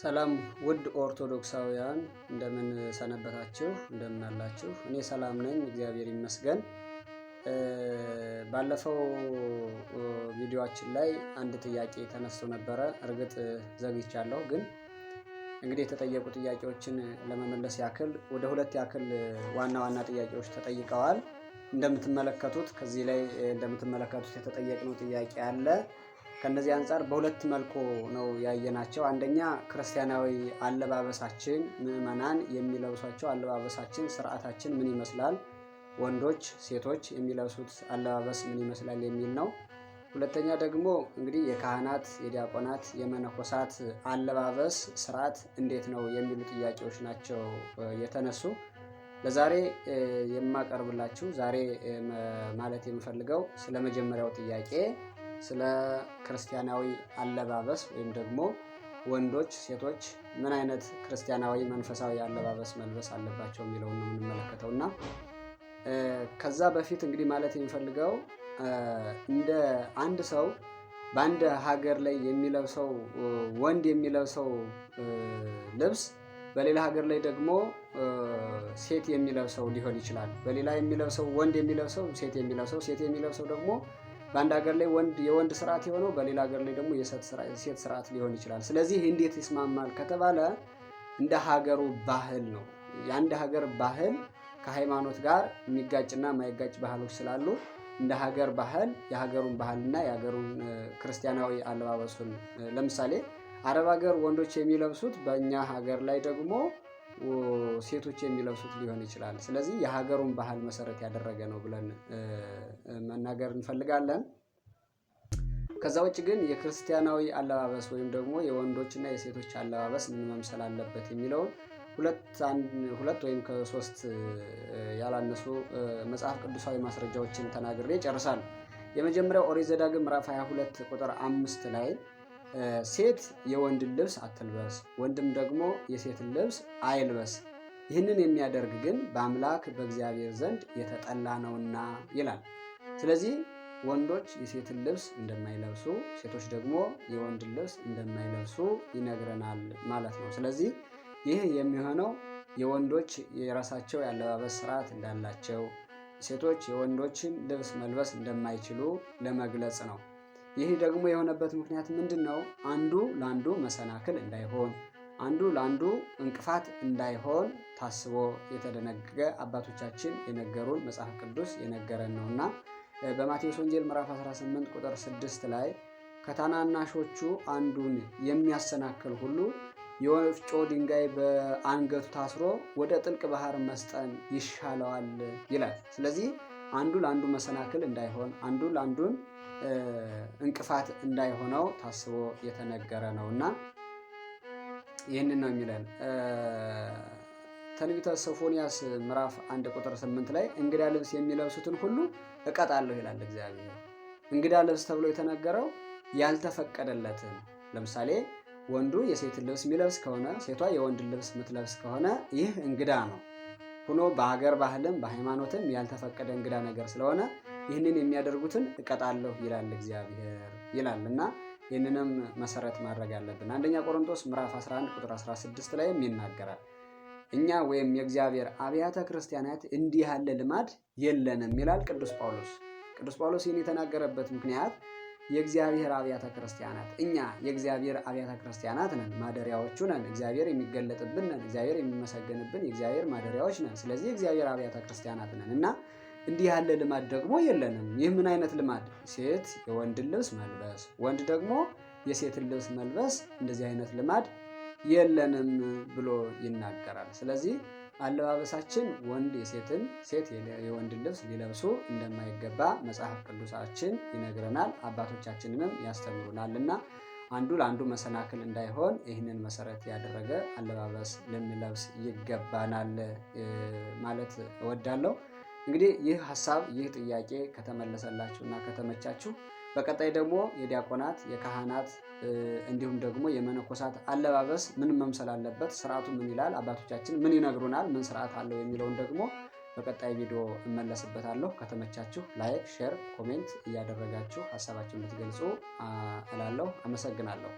ሰላም ውድ ኦርቶዶክሳውያን እንደምን ሰነበታችሁ? እንደምን አላችሁ? እኔ ሰላም ነኝ፣ እግዚአብሔር ይመስገን። ባለፈው ቪዲዮችን ላይ አንድ ጥያቄ ተነስቶ ነበረ። እርግጥ ዘግይቻለሁ፣ ግን እንግዲህ የተጠየቁ ጥያቄዎችን ለመመለስ ያክል ወደ ሁለት ያክል ዋና ዋና ጥያቄዎች ተጠይቀዋል። እንደምትመለከቱት ከዚህ ላይ እንደምትመለከቱት የተጠየቅነው ጥያቄ አለ ከነዚህ አንጻር በሁለት መልኩ ነው ያየናቸው። አንደኛ ክርስቲያናዊ አለባበሳችን ምዕመናን የሚለብሷቸው አለባበሳችን፣ ስርዓታችን ምን ይመስላል፣ ወንዶች ሴቶች የሚለብሱት አለባበስ ምን ይመስላል የሚል ነው። ሁለተኛ ደግሞ እንግዲህ የካህናት የዲያቆናት የመነኮሳት አለባበስ ስርዓት እንዴት ነው የሚሉ ጥያቄዎች ናቸው የተነሱ። ለዛሬ የማቀርብላችሁ ዛሬ ማለት የምፈልገው ስለ መጀመሪያው ጥያቄ ስለ ክርስቲያናዊ አለባበስ ወይም ደግሞ ወንዶች፣ ሴቶች ምን አይነት ክርስቲያናዊ መንፈሳዊ አለባበስ መልበስ አለባቸው የሚለውን ነው የምንመለከተው እና ከዛ በፊት እንግዲህ ማለት የሚፈልገው እንደ አንድ ሰው በአንድ ሀገር ላይ የሚለብሰው ወንድ የሚለብሰው ልብስ በሌላ ሀገር ላይ ደግሞ ሴት የሚለብሰው ሊሆን ይችላል። በሌላ የሚለብሰው ወንድ የሚለብሰው ሴት የሚለብሰው ሴት የሚለብሰው ደግሞ በአንድ ሀገር ላይ ወንድ የወንድ ስርዓት የሆነው በሌላ ሀገር ላይ ደግሞ የሴት ስርዓት ሊሆን ይችላል። ስለዚህ እንዴት ይስማማል ከተባለ እንደ ሀገሩ ባህል ነው። የአንድ ሀገር ባህል ከሃይማኖት ጋር የሚጋጭና የማይጋጭ ባህሎች ስላሉ እንደ ሀገር ባህል የሀገሩን ባህልና የሀገሩን ክርስቲያናዊ አለባበሱን ለምሳሌ አረብ ሀገር ወንዶች የሚለብሱት በእኛ ሀገር ላይ ደግሞ ሴቶች የሚለብሱት ሊሆን ይችላል። ስለዚህ የሀገሩን ባህል መሰረት ያደረገ ነው ብለን መናገር እንፈልጋለን። ከዛ ውጭ ግን የክርስቲያናዊ አለባበስ ወይም ደግሞ የወንዶችና የሴቶች አለባበስ ምን መምሰል አለበት የሚለውን ሁለት ወይም ከሶስት ያላነሱ መጽሐፍ ቅዱሳዊ ማስረጃዎችን ተናግሬ ጨርሳል። የመጀመሪያው ኦሪት ዘዳግም ምዕራፍ 22 ቁጥር አምስት ላይ ሴት የወንድን ልብስ አትልበስ፣ ወንድም ደግሞ የሴትን ልብስ አይልበስ። ይህንን የሚያደርግ ግን በአምላክ በእግዚአብሔር ዘንድ የተጠላ ነውና ይላል። ስለዚህ ወንዶች የሴትን ልብስ እንደማይለብሱ፣ ሴቶች ደግሞ የወንድን ልብስ እንደማይለብሱ ይነግረናል ማለት ነው። ስለዚህ ይህ የሚሆነው የወንዶች የራሳቸው የአለባበስ ስርዓት እንዳላቸው፣ ሴቶች የወንዶችን ልብስ መልበስ እንደማይችሉ ለመግለጽ ነው። ይህ ደግሞ የሆነበት ምክንያት ምንድን ነው? አንዱ ለአንዱ መሰናክል እንዳይሆን፣ አንዱ ለአንዱ እንቅፋት እንዳይሆን ታስቦ የተደነገገ አባቶቻችን የነገሩን መጽሐፍ ቅዱስ የነገረን ነውና በማቴዎስ ወንጌል ምዕራፍ 18 ቁጥር 6 ላይ ከታናናሾቹ አንዱን የሚያሰናክል ሁሉ የወፍጮ ድንጋይ በአንገቱ ታስሮ ወደ ጥልቅ ባህር መስጠን ይሻለዋል ይላል። ስለዚህ አንዱ ለአንዱ መሰናክል እንዳይሆን አንዱ ለአንዱን እንቅፋት እንዳይሆነው ታስቦ የተነገረ ነው እና ይህንን ነው የሚለን ትንቢተ ሶፎንያስ ምዕራፍ አንድ ቁጥር ስምንት ላይ እንግዳ ልብስ የሚለብሱትን ሁሉ እቀጣለሁ ይላል እግዚአብሔር። እንግዳ ልብስ ተብሎ የተነገረው ያልተፈቀደለትን፣ ለምሳሌ ወንዱ የሴትን ልብስ የሚለብስ ከሆነ ሴቷ የወንድን ልብስ የምትለብስ ከሆነ ይህ እንግዳ ነው ሆኖ በሀገር ባህልም በሃይማኖትም ያልተፈቀደ እንግዳ ነገር ስለሆነ ይህንን የሚያደርጉትን እቀጣለሁ ይላል እግዚአብሔር ይላል እና ይህንንም መሰረት ማድረግ አለብን። አንደኛ ቆሮንቶስ ምዕራፍ 11 ቁጥር 16 ላይም ይናገራል እኛ ወይም የእግዚአብሔር አብያተ ክርስቲያናት እንዲህ ያለ ልማድ የለንም ይላል ቅዱስ ጳውሎስ። ቅዱስ ጳውሎስ ይህን የተናገረበት ምክንያት የእግዚአብሔር አብያተ ክርስቲያናት እኛ የእግዚአብሔር አብያተ ክርስቲያናት ነን፣ ማደሪያዎቹ ነን፣ እግዚአብሔር የሚገለጥብን ነን፣ እግዚአብሔር የሚመሰገንብን የእግዚአብሔር ማደሪያዎች ነን። ስለዚህ የእግዚአብሔር አብያተ ክርስቲያናት ነን እና እንዲህ ያለ ልማድ ደግሞ የለንም። ይህ ምን አይነት ልማድ? ሴት የወንድን ልብስ መልበስ፣ ወንድ ደግሞ የሴትን ልብስ መልበስ፣ እንደዚህ አይነት ልማድ የለንም ብሎ ይናገራል። ስለዚህ አለባበሳችን ወንድ የሴትን ሴት የወንድን ልብስ ሊለብሱ እንደማይገባ መጽሐፍ ቅዱሳችን ይነግረናል፣ አባቶቻችንንም እና አንዱ ለአንዱ መሰናክል እንዳይሆን ይህንን መሰረት ያደረገ አለባበስ ልንለብስ ይገባናል ማለት እወዳለሁ። እንግዲህ ይህ ሀሳብ ይህ ጥያቄ ከተመለሰላችሁ እና ከተመቻችሁ በቀጣይ ደግሞ የዲያቆናት የካህናት እንዲሁም ደግሞ የመነኮሳት አለባበስ ምን መምሰል አለበት፣ ስርዓቱ ምን ይላል፣ አባቶቻችን ምን ይነግሩናል፣ ምን ስርዓት አለው የሚለውን ደግሞ በቀጣይ ቪዲዮ እመለስበታለሁ። ከተመቻችሁ ላይክ፣ ሼር፣ ኮሜንት እያደረጋችሁ ሀሳባችሁን ልትገልጹ እላለሁ። አመሰግናለሁ።